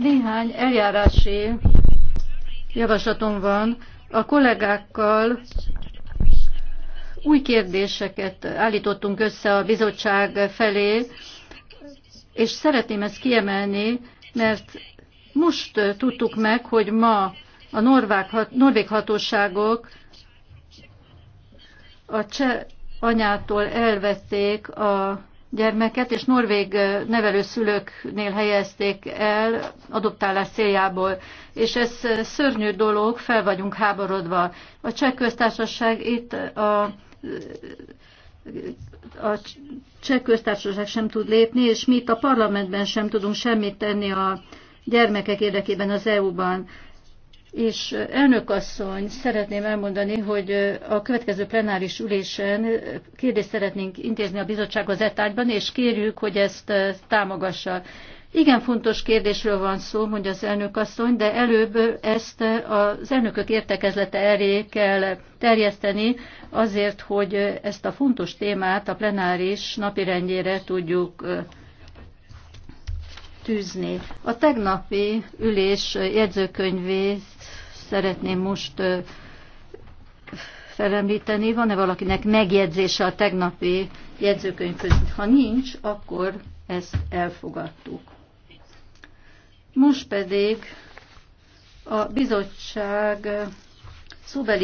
néhány eljárási javaslatom van a kollégákkal új kérdéseket álltottunk össze a bizottság felé és szeretném ezt kiemelni mert most tudtuk meg, hogy ma a norvég hatóságok a cseh anyától elvették a gyermeket, és norvég nevelőszülőknél helyezték el adoptálás céljából. És ez szörnyű dolog, fel vagyunk háborodva. A cseh köztársaság itt a, a cseh köztársaság sem tud lépni, és mi itt a parlamentben sem tudunk semmit tenni a gyermekek érdekében az EU-ban. És elnök asszony, szeretném elmondani, hogy a következő plenáris ülésen kérdést szeretnénk intézni a bizottsághoz e tárgyban, és kérjük, hogy ezt támogassa. Igen fontos kérdésről van szó, mondja az elnök asszony, de előbb ezt az elnökök értekezlete elé kell terjeszteni azért, hogy ezt a fontos témát a plenáris napirendjére tudjuk tűzni. A tegnapi ülés jegyzőkönyvét szeretném most felemlíteni. Van-e valakinek megjegyzése a tegnapi jegyzőkönyvhöz? Ha nincs, akkor ezt elfogadtuk. Most pedig a bizottság szóbeli